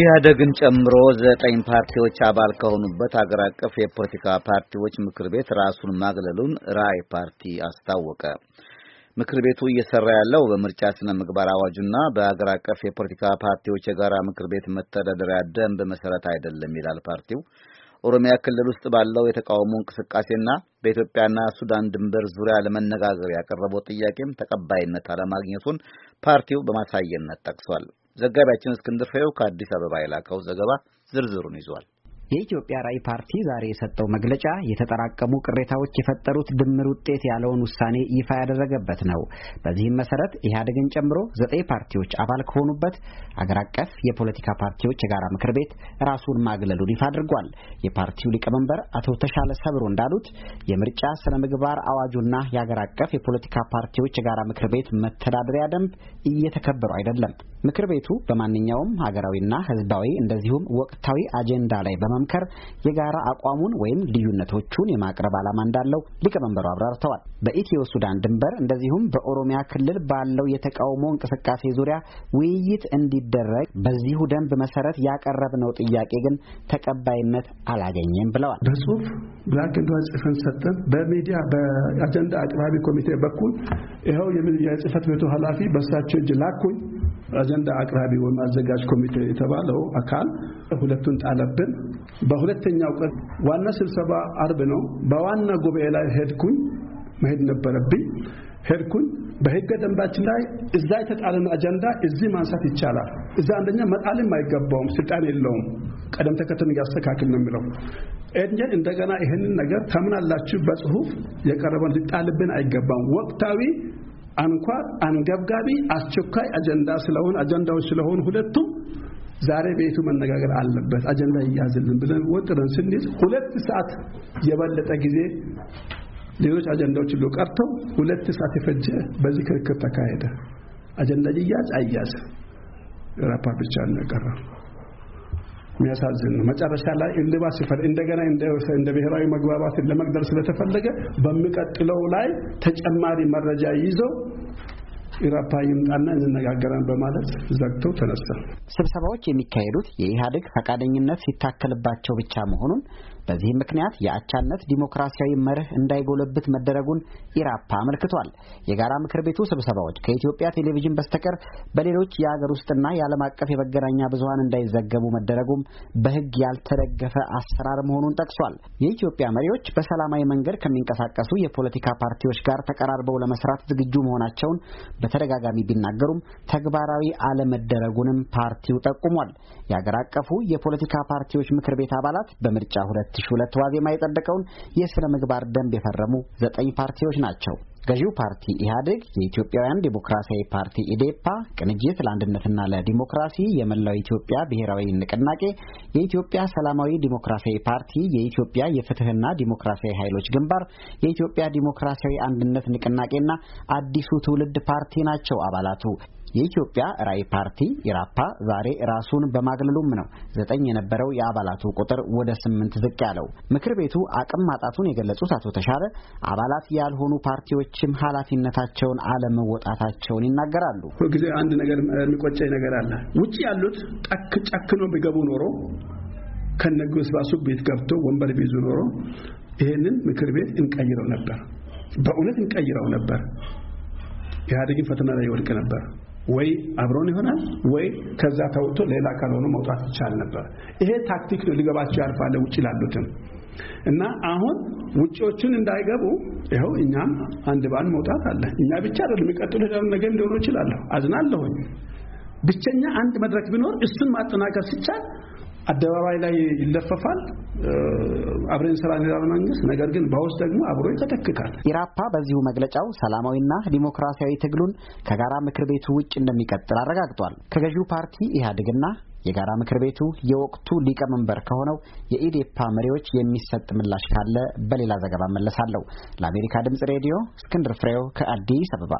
ኢህአደግን ጨምሮ ዘጠኝ ፓርቲዎች አባል ከሆኑበት አገር አቀፍ የፖለቲካ ፓርቲዎች ምክር ቤት ራሱን ማግለሉን ራዕይ ፓርቲ አስታወቀ። ምክር ቤቱ እየሰራ ያለው በምርጫ ስነ ምግባር አዋጁና በአገር አቀፍ የፖለቲካ ፓርቲዎች የጋራ ምክር ቤት መተዳደሪያ ደንብ መሰረት አይደለም ይላል ፓርቲው። ኦሮሚያ ክልል ውስጥ ባለው የተቃውሞ እንቅስቃሴና በኢትዮጵያና ሱዳን ድንበር ዙሪያ ለመነጋገር ያቀረበው ጥያቄም ተቀባይነት አለማግኘቱን ፓርቲው በማሳየነት ጠቅሷል። ዘጋቢያችን እስክንድር ፍሬው ከአዲስ አበባ የላከው ዘገባ ዝርዝሩን ይዟል። የኢትዮጵያ ራዕይ ፓርቲ ዛሬ የሰጠው መግለጫ የተጠራቀሙ ቅሬታዎች የፈጠሩት ድምር ውጤት ያለውን ውሳኔ ይፋ ያደረገበት ነው። በዚህም መሰረት ኢህአዴግን ጨምሮ ዘጠኝ ፓርቲዎች አባል ከሆኑበት አገር አቀፍ የፖለቲካ ፓርቲዎች የጋራ ምክር ቤት ራሱን ማግለሉን ይፋ አድርጓል። የፓርቲው ሊቀመንበር አቶ ተሻለ ሰብሮ እንዳሉት የምርጫ ስነ ምግባር አዋጁና የአገር አቀፍ የፖለቲካ ፓርቲዎች የጋራ ምክር ቤት መተዳደሪያ ደንብ እየተከበሩ አይደለም። ምክር ቤቱ በማንኛውም ሀገራዊና ህዝባዊ እንደዚሁም ወቅታዊ አጀንዳ ላይ በመምከር የጋራ አቋሙን ወይም ልዩነቶቹን የማቅረብ ዓላማ እንዳለው ሊቀመንበሩ አብራርተዋል። በኢትዮ ሱዳን ድንበር እንደዚሁም በኦሮሚያ ክልል ባለው የተቃውሞ እንቅስቃሴ ዙሪያ ውይይት እንዲደረግ በዚሁ ደንብ መሰረት ያቀረብነው ጥያቄ ግን ተቀባይነት አላገኘም ብለዋል። በጽሁፍ ብላክ ኤንድ ጽፈን ሰጠን። በሚዲያ በአጀንዳ አቅራቢ ኮሚቴ በኩል ይኸው የጽህፈት ቤቱ ኃላፊ በእሳቸው እጅ ላኩኝ። አጀንዳ አቅራቢ ወይም አዘጋጅ ኮሚቴ የተባለው አካል ሁለቱን ጣለብን። በሁለተኛው ቀን ዋና ስብሰባ አርብ ነው። በዋና ጉባኤ ላይ ሄድኩኝ። መሄድ ነበረብኝ። ሄድኩኝ። በህገ ደንባችን ላይ እዛ የተጣለን አጀንዳ እዚህ ማንሳት ይቻላል። እዛ አንደኛ መጣልም አይገባውም፣ ስልጣን የለውም። ቀደም ተከተል እያስተካክል ነው የሚለው እንጂ እንደገና ይህንን ነገር ታምናላችሁ፣ በጽሁፍ የቀረበን ሊጣልብን አይገባም። ወቅታዊ አንኳር፣ አንገብጋቢ፣ አስቸኳይ አጀንዳ ስለሆን አጀንዳዎች ስለሆኑ ሁለቱም ዛሬ ቤቱ መነጋገር አለበት አጀንዳ ይያዝልን ብለን ወጥረን ስንይዝ ሁለት ሰዓት የበለጠ ጊዜ ሌሎች አጀንዳዎች ሁሉ ቀርተው ሁለት ሰዓት የፈጀ በዚህ ክርክር ተካሄደ። አጀንዳ ይያዝ አይያዝ ራፓ ብቻ ነው የቀረው። የሚያሳዝን ነው። መጨረሻ ላይ እልባት ሲፈል እንደገና እንደ ብሔራዊ መግባባት ለመቅደር ስለተፈለገ በሚቀጥለው ላይ ተጨማሪ መረጃ ይዘው ኢራፓ ይምጣና እንነጋገራን በማለት ዘግተው ተነሳ። ስብሰባዎች የሚካሄዱት የኢህአዴግ ፈቃደኝነት ሲታከልባቸው ብቻ መሆኑን በዚህም ምክንያት የአቻነት ዲሞክራሲያዊ መርህ እንዳይጎለብት መደረጉን ኢራፓ አመልክቷል። የጋራ ምክር ቤቱ ስብሰባዎች ከኢትዮጵያ ቴሌቪዥን በስተቀር በሌሎች የአገር ውስጥና የዓለም አቀፍ የመገናኛ ብዙሀን እንዳይዘገቡ መደረጉም በሕግ ያልተደገፈ አሰራር መሆኑን ጠቅሷል። የኢትዮጵያ መሪዎች በሰላማዊ መንገድ ከሚንቀሳቀሱ የፖለቲካ ፓርቲዎች ጋር ተቀራርበው ለመስራት ዝግጁ መሆናቸውን በተደጋጋሚ ቢናገሩም ተግባራዊ አለመደረጉንም ፓርቲው ጠቁሟል። የአገር አቀፉ የፖለቲካ ፓርቲዎች ምክር ቤት አባላት በምርጫ ሁለት 2002 ዋዜማ የጸደቀውን የሥነ ምግባር ደንብ የፈረሙ ዘጠኝ ፓርቲዎች ናቸው። ገዢው ፓርቲ ኢህአዴግ፣ የኢትዮጵያውያን ዴሞክራሲያዊ ፓርቲ ኢዴፓ፣ ቅንጅት ለአንድነትና ለዲሞክራሲ፣ የመላው ኢትዮጵያ ብሔራዊ ንቅናቄ፣ የኢትዮጵያ ሰላማዊ ዲሞክራሲያዊ ፓርቲ፣ የኢትዮጵያ የፍትህና ዲሞክራሲያዊ ኃይሎች ግንባር፣ የኢትዮጵያ ዲሞክራሲያዊ አንድነት ንቅናቄና አዲሱ ትውልድ ፓርቲ ናቸው አባላቱ። የኢትዮጵያ ራዕይ ፓርቲ ኢራፓ ዛሬ ራሱን በማግለሉም ነው ዘጠኝ የነበረው የአባላቱ ቁጥር ወደ ስምንት ዝቅ ያለው። ምክር ቤቱ አቅም ማጣቱን የገለጹት አቶ ተሻለ አባላት ያልሆኑ ፓርቲዎች ሌሎችም ኃላፊነታቸውን አለመወጣታቸውን ይናገራሉ። ሁልጊዜ አንድ ነገር የሚቆጨኝ ነገር አለ። ውጭ ያሉት ጫክ ጫክኖ ቢገቡ ኖሮ ከነግስባሱ ቤት ገብቶ ወንበር ቢይዙ ኖሮ ይሄንን ምክር ቤት እንቀይረው ነበር፣ በእውነት እንቀይረው ነበር። ኢህአዴግን ፈተና ላይ ይወድቅ ነበር። ወይ አብሮን ይሆናል ወይ ከዛ ተወጥቶ ሌላ ካልሆነ መውጣት ይቻል ነበር። ይሄ ታክቲክ ነው ሊገባቸው ያልፋለ ውጭ ላሉትም እና አሁን ውጪዎቹን እንዳይገቡ ይኸው እኛም አንድ ባንድ መውጣት አለ። እኛ ብቻ አይደለም የሚቀጥሉ ሄዳሉ ነገር እንደሆነ ይችላሉ። አዝናለሁኝ። ብቸኛ አንድ መድረክ ቢኖር እሱን ማጠናከር ሲቻል አደባባይ ላይ ይለፈፋል። አብረን ስራ እንላለን መንግስት፣ ነገር ግን በውስጥ ደግሞ አብሮ ይተተክካል። ኢራፓ በዚሁ መግለጫው ሰላማዊና ዲሞክራሲያዊ ትግሉን ከጋራ ምክር ቤቱ ውጭ እንደሚቀጥል አረጋግጧል። ከገዢው ፓርቲ ኢህአዴግና የጋራ ምክር ቤቱ የወቅቱ ሊቀመንበር ከሆነው የኢዴፓ መሪዎች የሚሰጥ ምላሽ ካለ በሌላ ዘገባ መለሳለሁ። ለአሜሪካ ድምጽ ሬዲዮ እስክንድር ፍሬው ከአዲስ አበባ